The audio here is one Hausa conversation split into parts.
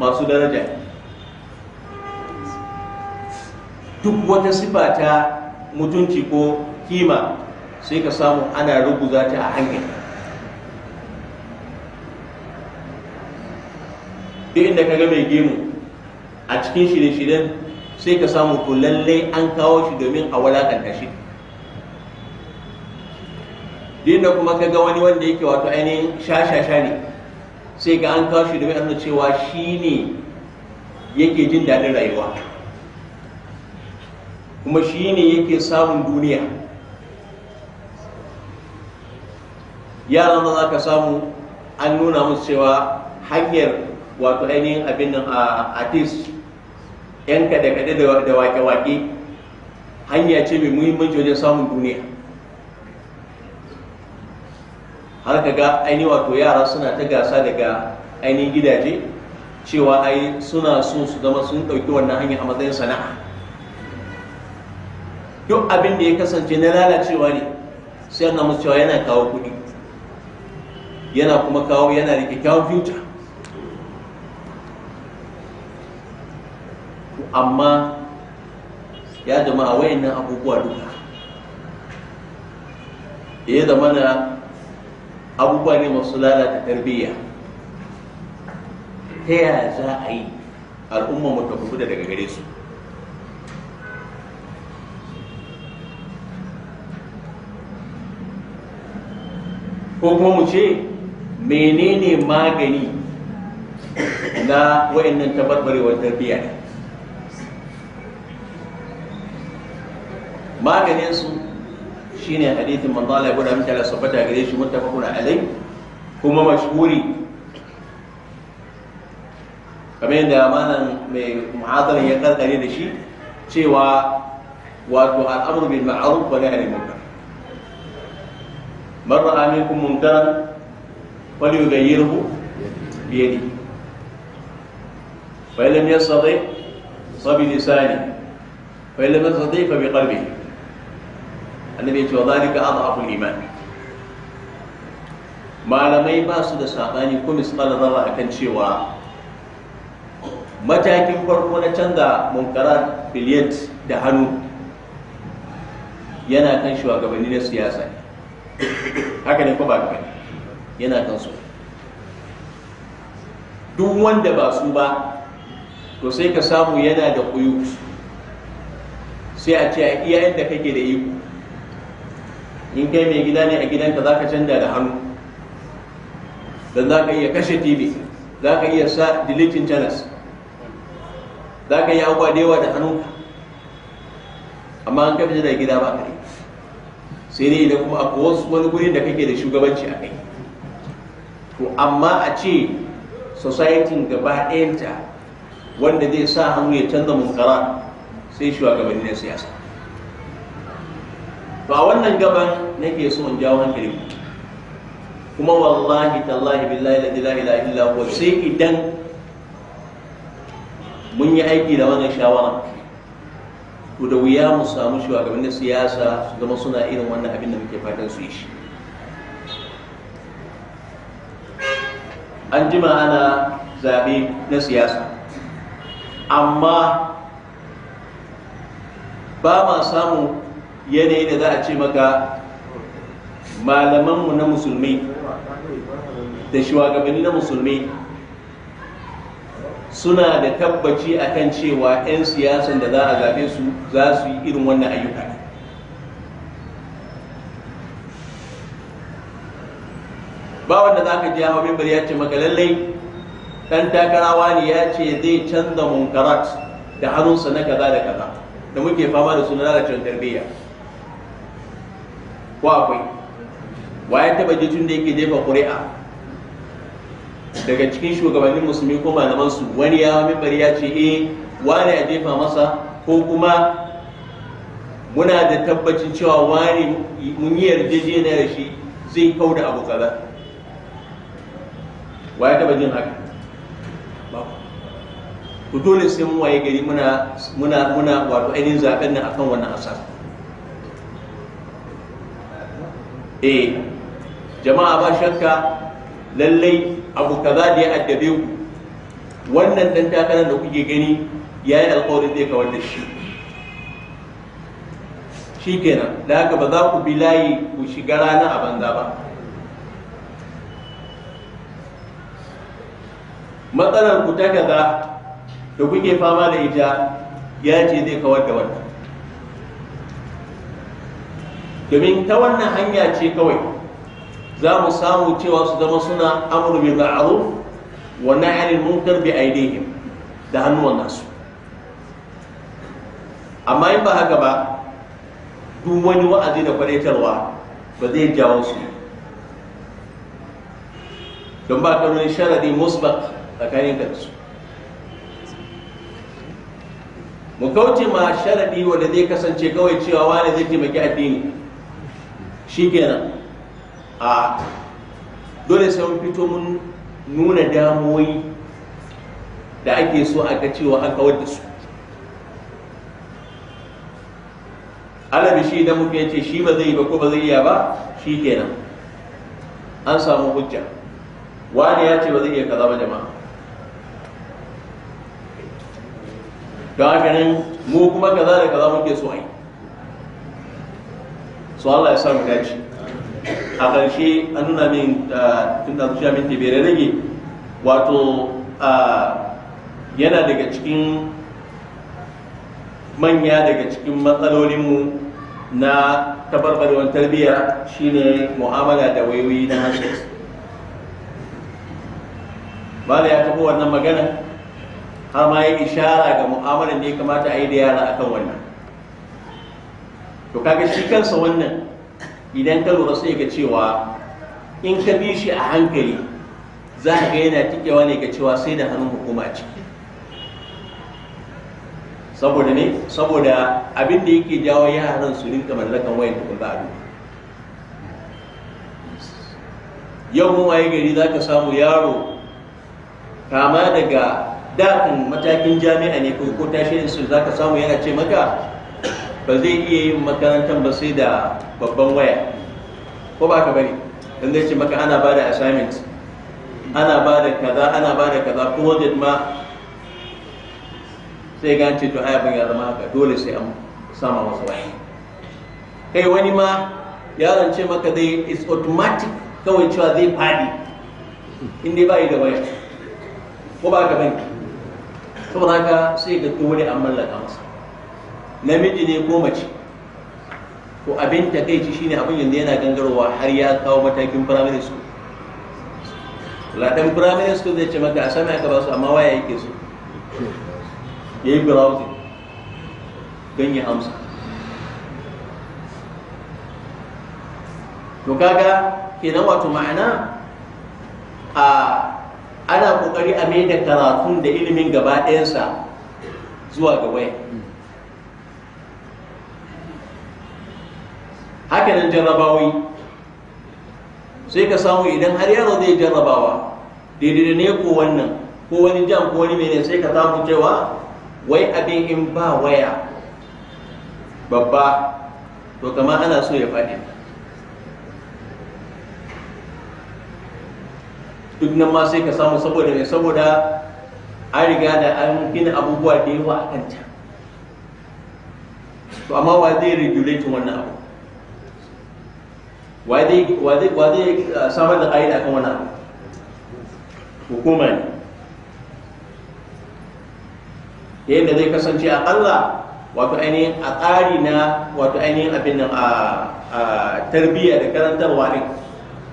masu daraja duk wata sifa ta mutunci ko kima sai ka samu ana ruguza ta a hanyar duk inda ka ga mai gemu a cikin shirye-shiryen sai ka samu to lallai an kawo shi domin a walakanta shi duk inda kuma ka ga wani wanda yake wato ainihin shashasha ne sai ga an kawo shi da mai cewa shi ne yake jin daɗin rayuwa kuma shi ne yake samun duniya yaran da za ka samu an nuna musu cewa hanyar wato ainihin abin nan a atis, yan da kaɗe da wake-wake hanya ce mai muhimmanci wajen samun duniya har ka ga aini wato yara suna ta gasa daga ainihin gidaje cewa ai suna so su zama sun ɗauki wannan hanya a matsayin sana'a duk abin da ya kasance na lalacewa ne sai an musu cewa yana kawo kuɗi yana kuma kawo yana da kyakkyawan future amma ya jama'a wayannan abubuwa duka ya zama na abubuwa ne masu lalata tarbiyya ta yaya za a yi al'umma mu ta kubuta daga gare su ko kuma mu ce menene magani na wayannan tabarbarewar tarbiyya maganin su shine hadithin manzo Allah ya gwada miki Allah sabbata gare shi muttafaqun alai kuma mashhuri kamar yadda malam mai muhadara ya karkare da shi cewa wato al'amru bil ma'ruf wa nahy anil munkar man ra'a minkum munkaran falyughayyirhu bi yadihi fa illam yastati fa bi lisanihi fa illam yastati fa bi qalbihi annabi ya ce wa zalika adhaful iman malamai ba su da sabani ko misqal zarra akan cewa matakin farko na canza munkarat filiyat da hannu yana kan shugabanni na siyasa haka ne ko ba haka yana kan su duk wanda ba su ba to sai ka samu yana da kuyu sai a ce a iya inda kake da iko in kai mai gida ne a gidanka za ka canja da hannu don za ka iya kashe tv za ka iya sa deleting channels za ka iya abubuwa da yawa da hannu amma an kafa da gida ba kai sai dai idan kuma a wasu wani guri da kake da shugabanci a kai to amma a ce society gaba ɗayanta wanda zai sa hannu ya canza munkara sai shugabannin siyasa to a wannan gaban nake so in jawo hankali kuma wallahi tallahi billahi la ilaha illa huwa sai idan mun yi aiki da wannan shawara to da wuya mu samu shugabannin siyasa su zama suna irin wannan abin da muke fatan su yi shi an jima ana zaɓe na siyasa amma ba ma samun yanayi da za a ce maka malamanmu na musulmi da shugabanni na musulmi suna da tabbaci akan cewa 'yan siyasan da za a zaɓe su za su yi irin wannan ayyuka ba wanda za ka ji hawa ya ce maka lallai ɗan takarawa ne ya ce zai canza munkarat da hannunsa na kaza da kaza da muke fama da suna lalacin tarbiyya ko akwai waye taba ji tun da yake jefa ƙuri'a daga cikin shugabannin musulmi ko malaman su wani ya mimbari ya ce eh wani ya jefa masa ko kuma muna da tabbacin cewa wani mun yi yarjejeniya da shi zai kau da abu kaza waye taba jin haka ku dole sai mun waye gari muna muna muna wato ainihin zaben nan akan wannan asasa eh jama'a ba shakka lallai abu kaza da ya addabe ku wannan dan takarar da kuke gani ya yi alkawarin zai kawar da shi shi kenan da haka ba za ku bi layi ku shiga rana a banza ba matsalar ku ta kaza da kuke fama da ita ya ce zai kawar da wannan domin ta wannan hanya ce kawai za mu samu cewa su zama suna amru bil ma'ruf wa nahyi munkar bi aidihim da hannuwan nasu amma in ba haka ba duk wani wa'azi da kwadaitarwa ba zai jawo su don ba kanun sharadi musbat tsakanin da su mu kauce ma sharadi wanda zai kasance kawai cewa wani zai taimaki addini shi kenan a dole sai mun fito mun nuna damuwoyi da ake so a ga cewa an kawar da su alabi shi da mu ke ce shi ba zai yi ba ko ba zai iya ba shi kenan an samu hujja wani ya ce ba zai iya kaza ba jama'a don haka nan mu kuma kaza da kaza muke so a yi su Allah ya sa mu dace a ƙarshe an nuna min ah, tun da zuciya min tebere rage wato ah, yana daga cikin manya daga cikin matsalolinmu na tabarbarewar tarbiyya shine mu'amala da wayoyi na hannu da ya taɓa wannan magana har ma ya ishara ga mu'amalar ne ya kamata a yi da yara akan wannan to kaga shi kansa wannan idan ka lura sai ga cewa in ka bi shi a hankali za ka ga yana tikewa ne ga cewa sai da hannun hukuma a ciki saboda ne saboda abin da yake jawo yaran su rinka mallakan wayan da ba yau mu waye gari za ka samu yaro kama daga daɗin matakin jami'a ne ko tashi su za ka samu yana ce maka ba zai iya yin makarantar ba sai da babban waya ko ba ka bari don zai ce maka ana ba da assignment ana ba da kaza ana ba da kaza project ma sai ga ce to ayabin ya zama haka dole sai an sama masa waya kai wani ma yaron ce maka zai is automatic kawai cewa zai fadi in dai bai da waya ko ba ka bari saboda haka sai ga dole an mallaka masa namiji ne ko mace to abin ta takaici shine abin yanzu yana gangarowa har ya kawo matakin primary school ladan primary school zai ce maka a sami aka amma waya yake so ya yi browsing don ya amsa to kaga kenan wato ma'ana a ana kokari a mai da karatun da ilimin gaba ɗayansa zuwa ga waya haka nan jarrabawai sai ka samu idan har yaro zai jarrabawa daidai ne ko wannan ko wani jan ko wani mene sai ka samu cewa wai abin in ba waya babba to kama ana so ya faɗi duk nan ma sai ka samu saboda mai saboda an riga da an gina abubuwa da yawa a kanta to amma wa zai regulate wannan abu wa zai uh, samar da ƙa'ida kan wani hukuma ne yadda zai kasance aƙalla wato ainihin a tsari na wato ainihin abin a tarbiyya da karantarwa ne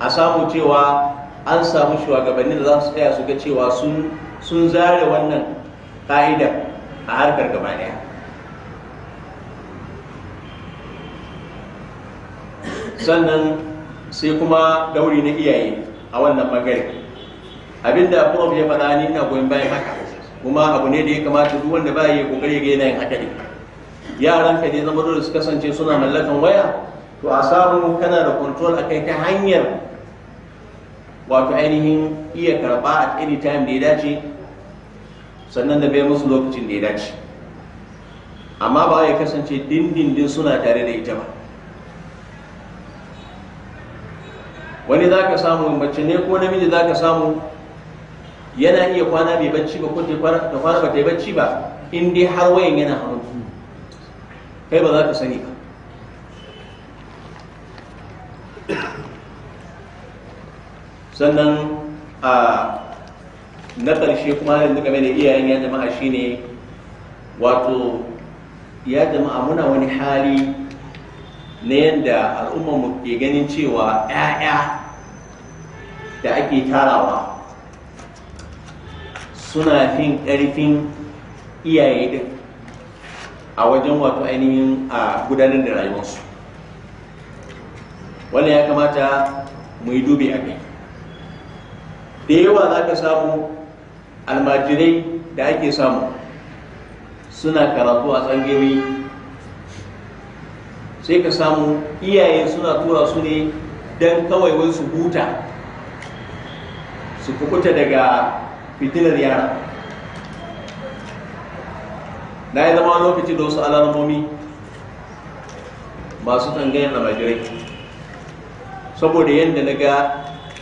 a samu cewa an samu shugabannin da za su tsaya su ga cewa sun zare wannan ka'ida a harkar gaba sannan sai kuma dauri na iyaye a wannan bangare abinda prof ya faɗa ni ina goyon bayan haka kuma abu ne da ya kamata duk wanda ba ya kokari ga yanayin ne yaran ka ne zama dole su kasance suna mallakan waya to a samu kana da control kai ta hanyar wato ainihin iya karba a any time da ya dace sannan da bai musu lokacin da ya dace amma ba ya kasance dindindin suna tare da ita ba wani za ka samu mace ne ko namiji za ka samu yana iya kwana mai bacci ba ko ta kwana ba ta yi bacci ba in dai har wayan yana hannun kai ba za ka sani ba sannan a na ƙarshe kuma yanzu game da iyayen ya jama'a shine wato ya jama'a muna wani hali na yadda al'ummar mu ke ganin cewa 'ya'ya da ake tarawa suna fin ƙarfin iyaye din a wajen wato ainihin a gudanar da rayuwarsu wanda ya kamata mu yi dubi a kai da yawa za ka samu almajirai da ake samu suna karatu a tsangiyoyi sai ka samu iyaye suna tura su ne don kawai wai su huta su kukuta daga fitilar yara na yi zama lokaci da wasu alamomi masu tangayar majirai saboda yadda na ga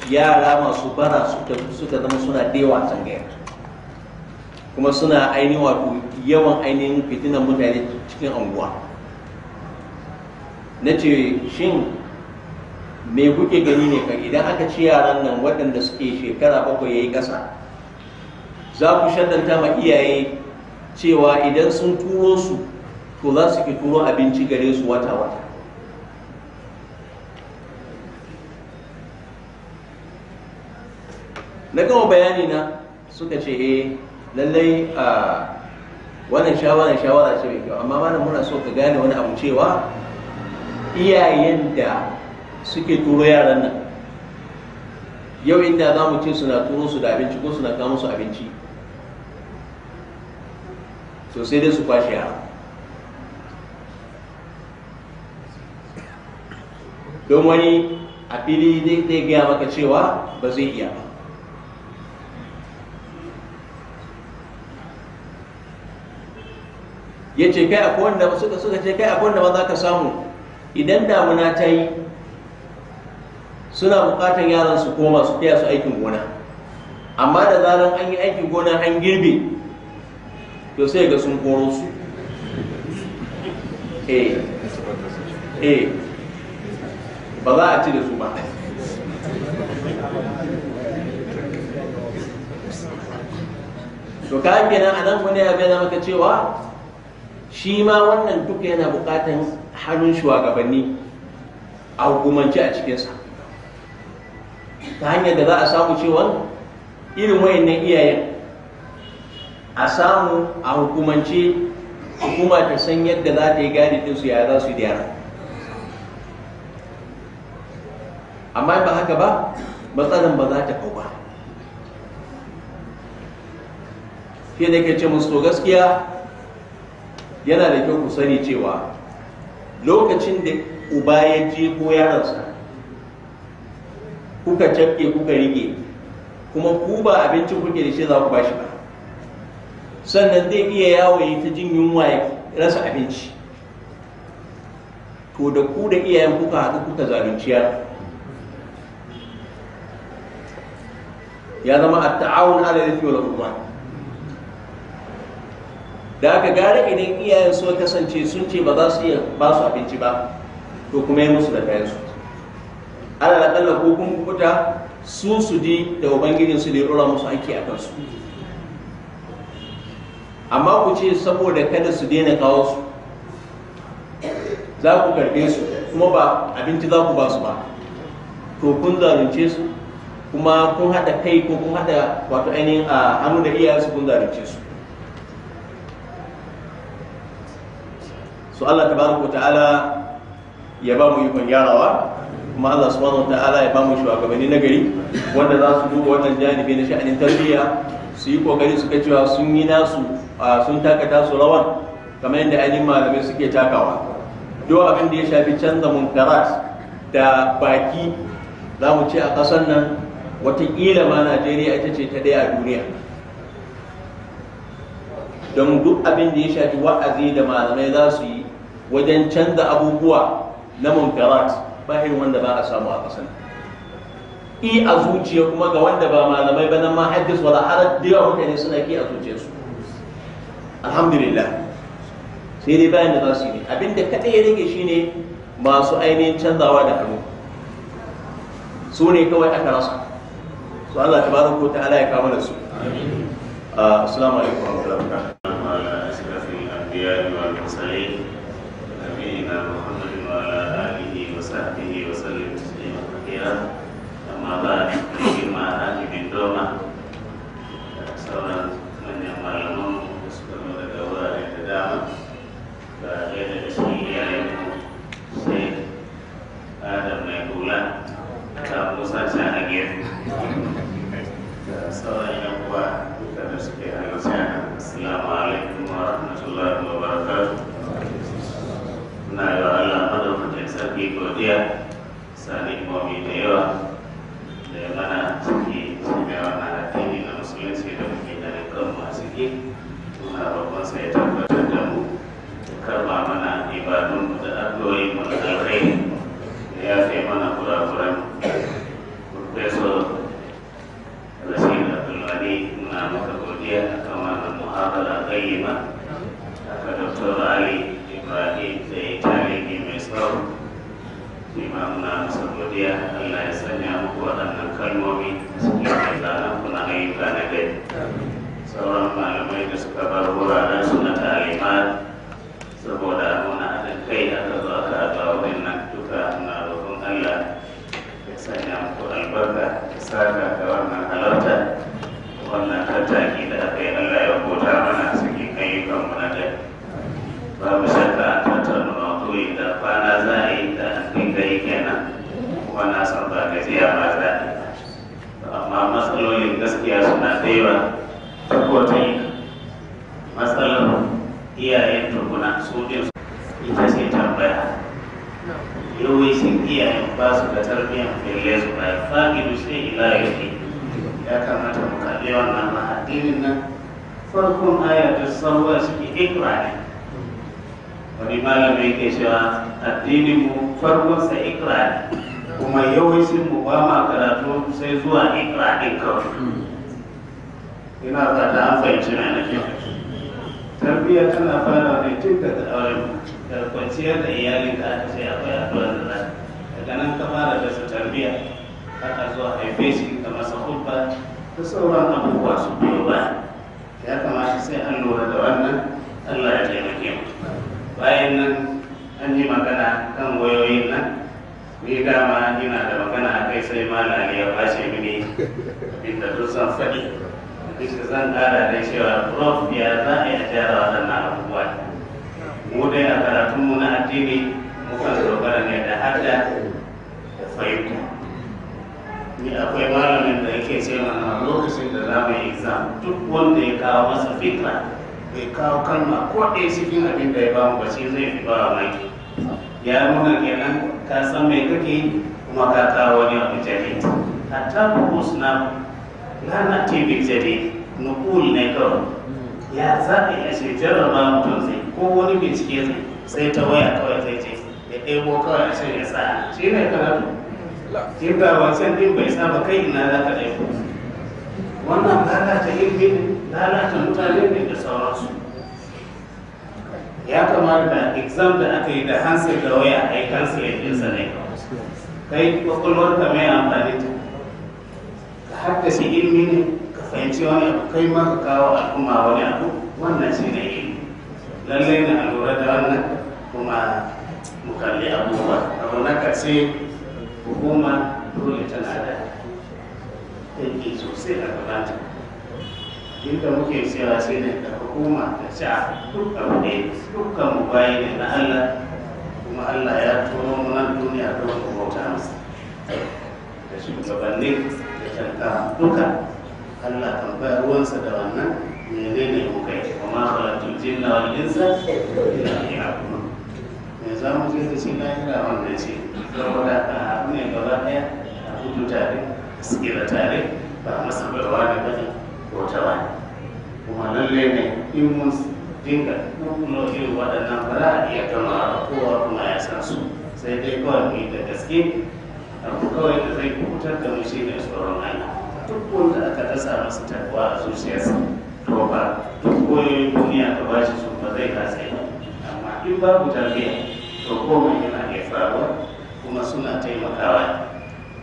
yara masu bara suka zama suna dewa tangayen kuma suna ainihin wato yawan ainihin fitinan mutane cikin anguwa na ce shin me kuke gani ne ka idan aka ci yaran nan waɗanda suke shekara bakwai yayi ƙasa za ku shaddanta ma iyaye cewa idan sun turo su to za su ki turo abinci gare su wata-wata na gama bayani na suka ce eh lallai a ah, wannan shawara shawara ce mai kyau amma muna so ka gane wani abu cewa iyayen da suke turo yaran nan yau inda za mu ce suna turo su da abinci ko suna kama su abinci so sai dai su kwashe yara don wani a fili zai gaya maka cewa ba zai iya ba ya ce kai akwai wanda suka ce kai akwai wanda ba za ka samu idan damuna ta yi suna bukatar yaran su koma su fiye su aikin gona amma da zarar an yi aikin gona an girbe to sai ga sun koro su eh eh ba za a ci da su ba to kayan kenan a nan wani ya zama maka cewa shi ma wannan duka yana bukatan hannun shugabanni a hukumance a cikinsa ta hanyar da za a samu cewa irin wayannan iyayen a samu a hukumance hukuma ta san yadda za ta yi gadi ɗinsu ya za su yi yara amma ba haka ba matsalan ba za ta kau ba fiye da ke ce musu gaskiya yana da kyau ku sani cewa lokacin da uba ya je ko yaransa kuka cafke kuka rike kuma ku ba abincin kuke da shi za ku bashi ba sannan zai iya yawo yi ta jin yunwa ya rasa abinci to da ku da iyayen kuka haɗu kuka zalunciya? ya zama a ta'awun ala da wal da aka gara idan iyayen su kasance sun ce ba za su iya ba su abinci ba to kuma yi musu da kayansu ala da ko kun kuta su su ji da ubangijin su ne rura musu aiki a kansu amma ku ce saboda kada su daina kawo su za ku karbe su kuma ba abinci za ku ba su ba to kun zalunce su kuma kun haɗa kai ko kun haɗa wato ainihin a hannu da iyayen su kun zalunce su so Allah tabaraka ta'ala ya ba mu ikon yarawa kuma Allah subhanahu ta'ala ya ba mu shugabanni na gari wanda za su duba wannan janibi na sha'anin tarbiyya su yi kokari suka cewa sun yi nasu sun taka su rawar kamar yadda ainihin malamai suke takawa duk abin da ya shafi canza karas da baki za mu ce a ƙasar nan watakila ma najeriya ita ce ta ɗaya a duniya don duk abin da ya shafi wa'azi da malamai za su yi wajen canza abubuwa na munkarat ba irin wanda ba a samu a ƙasar i a zuciya kuma ga wanda ba malamai ba nan ma haddis wala harad da yawa mutane suna ki a zuciyarsu alhamdulillah sai dai bayan da za su yi abinda kaɗai ya rage shine masu ainihin canzawa da hannu su ne kawai aka rasa su Allah ta ko ta ala ya kawo da su ah, assalamu alaikum wa rahmatullahi ya saling memilih da suka bar wuraren su na saboda nuna haɗin kai aka zo aka haɗa wurin nan duka na roƙon Allah ya sanya muku albarka ya saka ga wannan halarta wannan tattaki da aka yi Allah ya kota mana cikin kai mu na dai babu shakka an tattauna maudu'i da kwana za a yi da an dinga yi kenan kuma na san ba gajiya ba za a yi amma matsalolin gaskiya suna da yawa ta kowace ba su da tarbiyyar fille su ba fa'idu sai ila yake ya kamata mu kalli wannan ma addinin nan farkon ayar da sarwa suke ikra ne wani malami yake cewa addinin mu farkon sa ikra ne kuma yawancin mu ba ma karatu sai zuwa ikra din kawai ina fata an fahimci na nake tarbiyya tana fara ne tun daga auren da kwanciyar da iyalinka da aka ce akwai addu'a daga nan ta fara da su tarbiyya har a zuwa haife shi ka masa hulba da sauran abubuwa su biyo ba ya kamata sai an lura da wannan allah ya taimake mu bayan nan an yi magana kan wayoyin nan ni dama ina da magana a kai sai malami ya bace mini inda duk san faɗi iska zan ƙara da cewa prof ya za a yi gyara waɗannan abubuwa mu dai a karatunmu na addini mukan dogara ne da hada fahimta ni akwai malamin da yake ce mana lokacin da za mu yi exam duk wanda ya kawo masa fitra bai kawo kalma ko ɗaya cikin abin da ya ba mu ba shi zai fi ba maki ya nuna kenan ka san mai kake kuma ka kawo wani abu jadid hatta rukus na lana tv jadid nukul ne kawai ya zaɓe a ce jarraba mutum zai ko wani bincike zai sai ta waya kawai zai ce. ya ɗebo kawai a ce ya sa shi ne karatu In ga wasan din bai saba kai ina za ka aiko wannan lalata ilmi ne lalata mutane ne da sauransu ya kamata exam da aka yi da hansa da waya a yi kansa ya ɗinsa ne kai ka mai amfani ta ka haddace ilmi ne ka fahimci wani abu kai ma ka kawo al'umma wani abu wannan shi ne ilmi lallai na lura da wannan kuma mu kalli abubuwa abu na karshe hukuma dole tana da aiki sosai a gabata inda muke cewa sai ne da hukuma ta sha dukkan ne dukkan mu bayi ne na Allah kuma Allah ya tono mu nan duniya da wani bauta masa da shugabanni da canta duka Allah kan bayar ruwansa da wannan menene mu kai kuma khalatul jinna wani insa illa abu ne za mu je da shi lahira wannan shi saboda a abu ne gaba ɗaya a hutu tare a sikira ba masa baiwa ne ba ne bautawa ne kuma lalle ne in mun dinga ɗaukuno irin waɗannan ba za a iya kuma ya su sai dai kawai mu da gaske abu kawai da zai kubutar da mu shine tsoron Allah duk wanda aka dasa masa takwa a zuciyarsa to ba duk koyoyin duniya ka ba shi ba zai kasa in babu tarbiyya to komai yana iya kuma suna taimakawa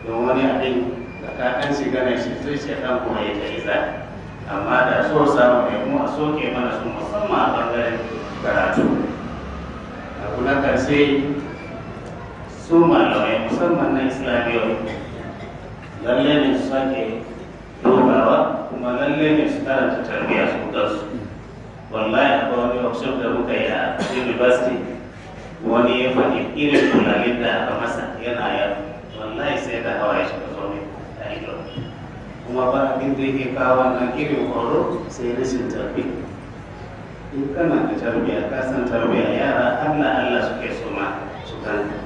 don wani abin da ka ɗan shiga na shi sai shi ɗan kuma ya kai za amma da so samu ne kuma a soke mana su musamman a ɓangaren karatu a na karshe su malamai musamman na islamiyya lalle ne su sake dogawa kuma lalle ne su karanta tarbiyya su kansu wallahi akwai wani workshop da muka yi a university wani ya irin tunanin da aka masa yana ya wallahi sai da hawa ya shiga zo mai a ido kuma ba abin da yake kawo wannan irin horo sai rashin tarbi in kana da tarbiyya ka san tarbiyya yara allah allah suke so ma su kanka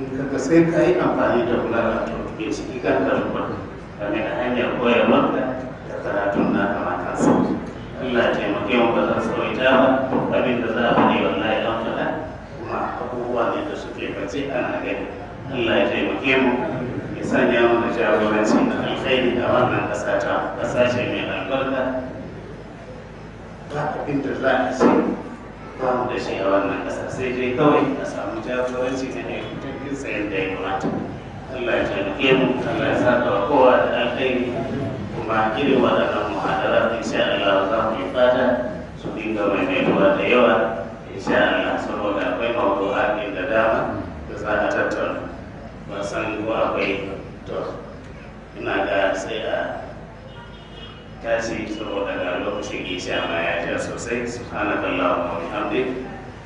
in ka sai ka yi amfani da kula da binciki Ba rubar game da hanyar koyar maka da karatun na kama kansa allah taimake mu ba za su ba abin da za a faɗi wallahi abubuwa da suke kace ana gani Allah ya taimake mu ya sanya mu da jagoranci da alkhairi a wannan ƙasa ta ƙasa ce mai albarka ba abin da za a ce ba mu da shi a wannan ƙasa sai dai kawai a samu jagoranci da ne mutum tsayin da ya kamata Allah ya taimake mu Allah ya saka wa kowa da alkhairi kuma irin waɗannan muhadara insha Allah za mu yi fata su dinga mai da yawa insha Allah dama da za a tattauna ba san ko akwai to ina ga sai a tashi saboda ga lokacin isha ma ya ja sosai subhanaka allahumma wa bihamdik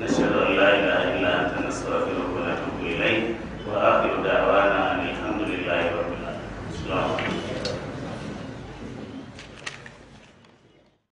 nashhadu an la ilaha illa anta nastaghfiruka wa natubu ilayk wa akhiru da'wana